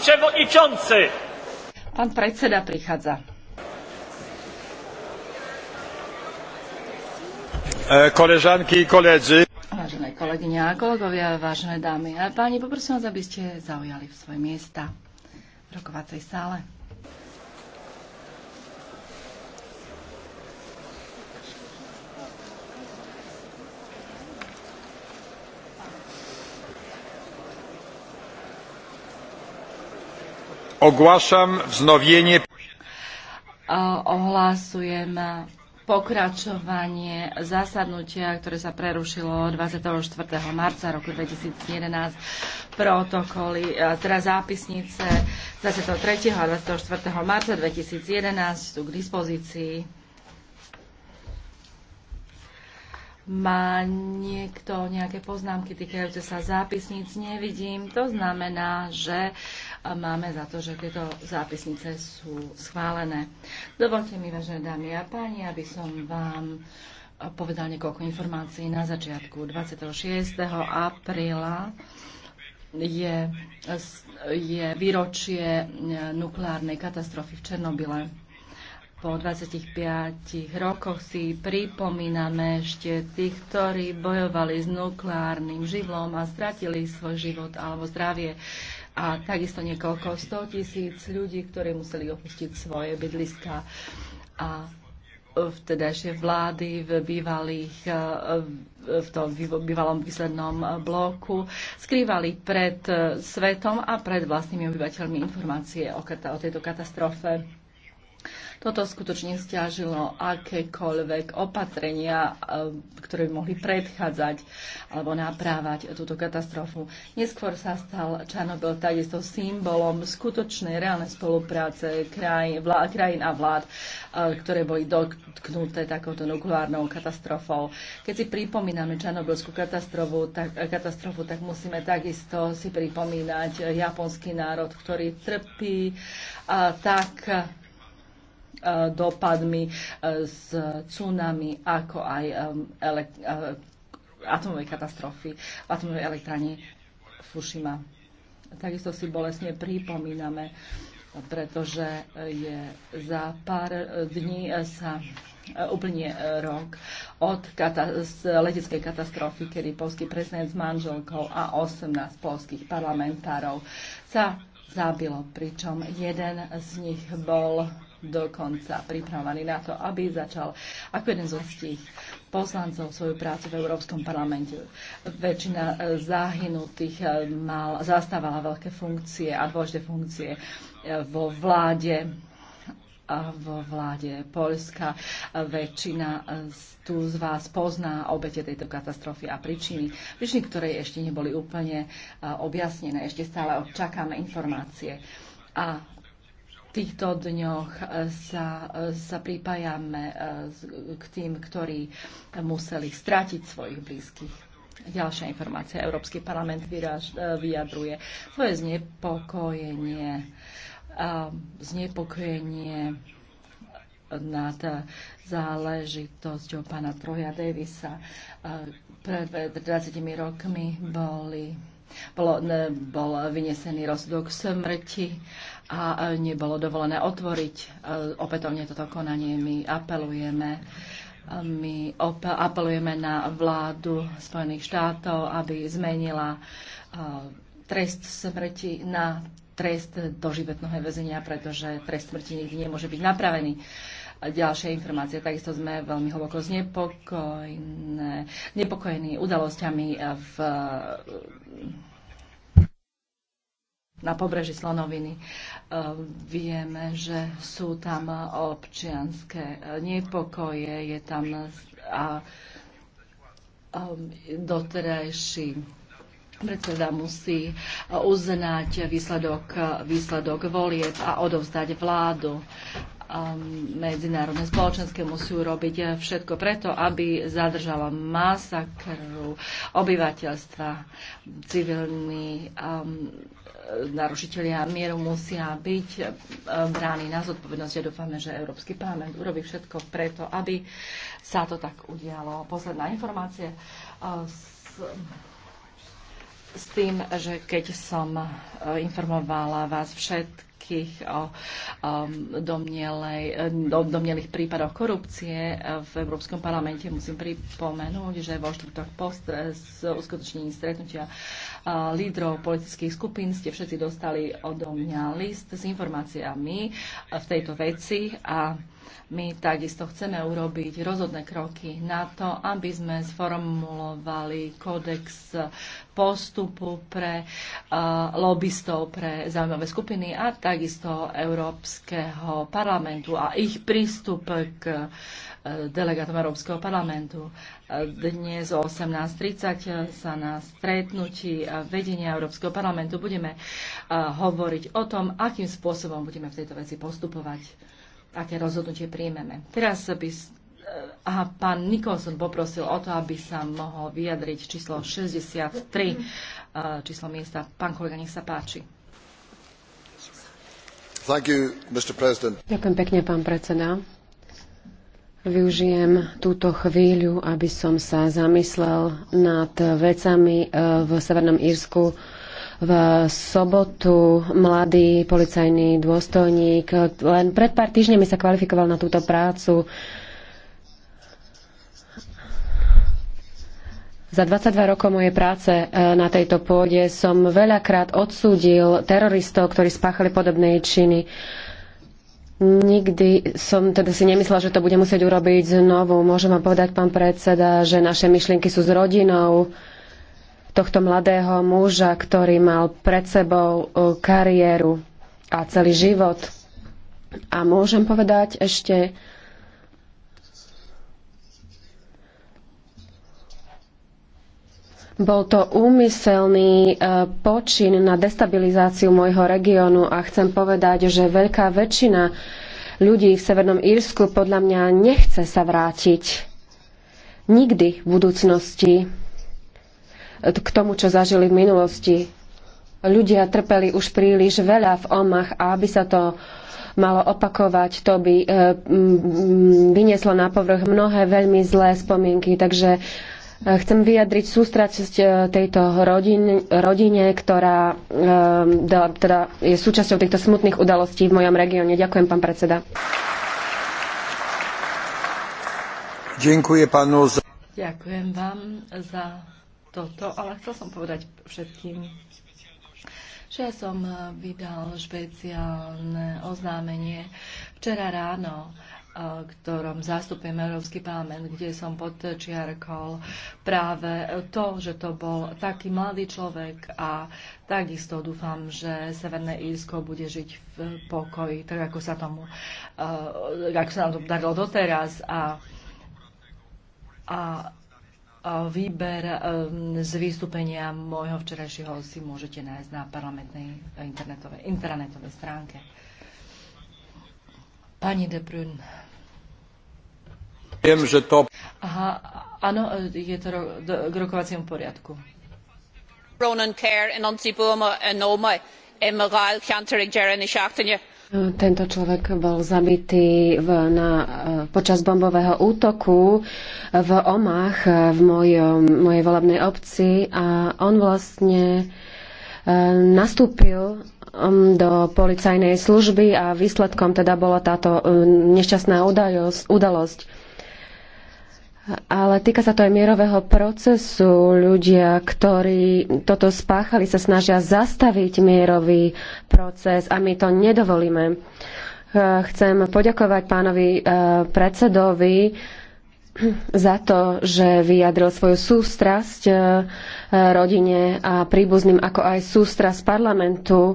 przewodniczący! predseda prichádza. E, koleżanki i koledzy. Vážené kolegyne a kolegovia, vážené dámy a páni, poprosím vás, aby ste zaujali v svoje miesta v rokovacej sále. Ogłaszam wznowienie. Ohlásujem pokračovanie zasadnutia, ktoré sa prerušilo 24. marca roku 2011, protokoly, teda zápisnice 23. a 24. marca 2011 sú k dispozícii. Má niekto nejaké poznámky týkajúce sa zápisníc? Nevidím. To znamená, že máme za to, že tieto zápisnice sú schválené. Dovolte mi, vážené dámy a páni, aby som vám povedal niekoľko informácií na začiatku. 26. apríla je, je výročie nukleárnej katastrofy v Černobyle. Po 25 rokoch si pripomíname ešte tých, ktorí bojovali s nukleárnym živlom a stratili svoj život alebo zdravie a takisto niekoľko 100 tisíc ľudí, ktorí museli opustiť svoje bydliska a e, vtedajšie vlády v bývalých, e, v tom bývalom výslednom e, bloku skrývali pred svetom a pred vlastnými obyvateľmi informácie o, o tejto katastrofe. Toto skutočne stiažilo akékoľvek opatrenia, eh, ktoré by mohli predchádzať alebo naprávať túto katastrofu. Neskôr sa stal Čarnobyl takisto symbolom skutočnej reálnej spolupráce kraj, vlá, krajín a vlád, eh, ktoré boli dotknuté takouto nukleárnou katastrofou. Keď si pripomíname Čarnobylskú katastrofu, tak, katastrofu, tak musíme takisto si pripomínať japonský národ, ktorý trpí a eh, tak E, dopadmi e, s tsunami, ako aj e, atomovej katastrofy v atomovej elektrárne Fushima. Takisto si bolestne pripomíname, pretože je za pár dní sa úplne rok od leteckej katastrofy, kedy polský prezident s manželkou a 18 polských parlamentárov sa zabilo, pričom jeden z nich bol dokonca pripravovaný na to, aby začal ako jeden zo tých poslancov svoju prácu v Európskom parlamente. Väčšina eh, zahynutých eh, mal, zastávala veľké funkcie a dôležité funkcie eh, vo vláde vo vláde Polska. Väčšina tu z vás pozná obete tejto katastrofy a príčiny, príčiny, ktoré ešte neboli úplne objasnené. Ešte stále čakáme informácie. A týchto dňoch e, sa, e, sa pripájame e, k tým, ktorí museli strátiť svojich blízkych. Ďalšia informácia. Európsky parlament vyraž, vyjadruje svoje znepokojenie, znepokojenie nad záležitosťou pána Troja Davisa. Pred 20 rokmi boli bolo, ne, bol vynesený rozdok smrti a e, nebolo dovolené otvoriť e, opätovne toto konanie. My apelujeme e, my apelujeme na vládu Spojených štátov, aby zmenila trest smrti na trest doživotného väzenia, pretože trest smrti nikdy nemôže byť napravený ďalšie informácie. Takisto sme veľmi hlboko znepokojení udalosťami v, na pobreží Slonoviny. Vieme, že sú tam občianské nepokoje, je tam a, a um, doterajší predseda musí uznať výsledok, výsledok volieb a odovzdať vládu medzinárodné spoločenské musí robiť všetko preto, aby zadržala masakru obyvateľstva. Civilní um, narušiteľia mieru musia byť um, bráni na zodpovednosť. Ja dúfame, že Európsky parlament urobí všetko preto, aby sa to tak udialo. Posledná informácia uh, s, s tým, že keď som uh, informovala vás všetkých, všetkých o, o um, domnielej, domnielých prípadoch korupcie v Európskom parlamente. Musím pripomenúť, že vo štvrtok po eh, uskutočnení stretnutia eh, lídrov politických skupín ste všetci dostali odo mňa list s informáciami eh, v tejto veci a my takisto chceme urobiť rozhodné kroky na to, aby sme sformulovali kódex postupu pre uh, lobbystov, pre zaujímavé skupiny a tak takisto Európskeho parlamentu a ich prístup k e, delegátom Európskeho parlamentu. Dnes o 18.30 sa na stretnutí vedenia Európskeho parlamentu budeme e, hovoriť o tom, akým spôsobom budeme v tejto veci postupovať, aké rozhodnutie príjmeme. Teraz by e, a pán Nikolson poprosil o to, aby sa mohol vyjadriť číslo 63, číslo miesta. Pán kolega, nech sa páči. Ďakujem pekne, pán predseda. Využijem túto chvíľu, aby som sa zamyslel nad vecami eh, v Severnom Írsku. V sobotu mladý policajný dôstojník len pred pár týždňami sa kvalifikoval na túto prácu Za 22 rokov mojej práce e, na tejto pôde som veľakrát odsúdil teroristov, ktorí spáchali podobné činy. Nikdy som teda si nemyslela, že to bude musieť urobiť znovu. Môžem vám povedať, pán predseda, že naše myšlienky sú s rodinou tohto mladého muža, ktorý mal pred sebou e, kariéru a celý život. A môžem povedať ešte, Bol to úmyselný e, počin na destabilizáciu môjho regiónu a chcem povedať, že veľká väčšina ľudí v Severnom Írsku podľa mňa nechce sa vrátiť nikdy v budúcnosti e, k tomu, čo zažili v minulosti. Ľudia trpeli už príliš veľa v omach a aby sa to malo opakovať, to by e, vynieslo na povrch mnohé veľmi zlé spomienky. Takže Chcem vyjadriť sústrasť e, tejto rodin, rodine, ktorá e, teda je súčasťou týchto smutných udalostí v mojom regióne. Ďakujem, pán predseda. Ďakujem, pánu za... Ďakujem vám za toto, ale chcel som povedať všetkým, že ja som e, vydal špeciálne oznámenie včera ráno Eh, ktorom zastupujem Európsky parlament, kde som podčiarkol práve to, že to bol taký mladý človek a takisto dúfam, že Severné Írsko bude žiť v pokoji, tak ako sa tomu, eh, ako sa nám to darilo doteraz a, a výber eh, z vystúpenia môjho včerajšieho si môžete nájsť na parlamentnej internetovej, internetovej stránke. Pani de Brun. Viem, že to... Aha, áno, je to ro- do, k rokovaciemu poriadku. Tento človek bol zabitý v, na, eh, počas bombového útoku v Omach eh, v mojom, mojej volebnej obci a on vlastne eh, nastúpil Um, do policajnej služby a výsledkom teda bola táto um, nešťastná udalosť. Ale týka sa to aj mierového procesu. Ľudia, ktorí toto spáchali, sa snažia zastaviť mierový proces a my to nedovolíme. Chcem poďakovať pánovi uh, predsedovi za to, že vyjadril svoju sústrasť e, rodine a príbuzným, ako aj sústrasť parlamentu e,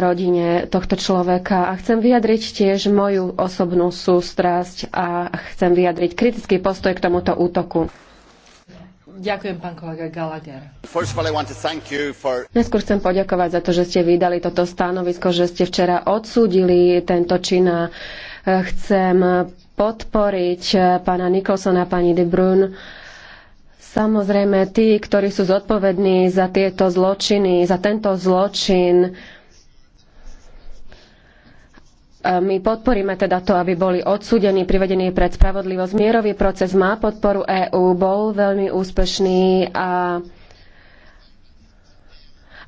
rodine tohto človeka. A chcem vyjadriť tiež moju osobnú sústrasť a chcem vyjadriť kritický postoj k tomuto útoku. Ďakujem, pán kolega Gallagher. Neskôr chcem poďakovať za to, že ste vydali toto stanovisko, že ste včera odsúdili tento čin a e, chcem podporiť eh, pána Nikolsona a pani De Bruyne. Samozrejme, tí, ktorí sú zodpovední za tieto zločiny, za tento zločin, eh, my podporíme teda to, aby boli odsúdení, privedení pred spravodlivosť. Mierový proces má podporu EÚ, bol veľmi úspešný a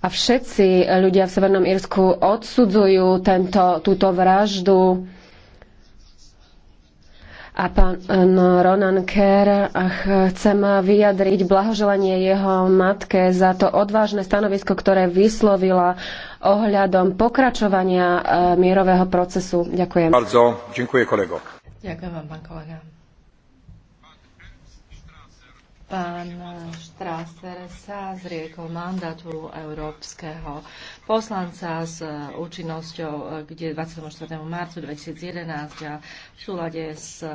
a všetci ľudia v Severnom Írsku odsudzujú tento, túto vraždu a pán eh, no, Ronan Kerr. Chcem vyjadriť blahoželanie jeho matke za to odvážne stanovisko, ktoré vyslovila ohľadom pokračovania eh, mierového procesu. Ďakujem. Bardzo, kolego. Ďakujem vám, pán kolega. Pán Strasser sa zriekol mandátu európskeho poslanca s e, účinnosťou e, kde 24. marcu 2011 a v súlade s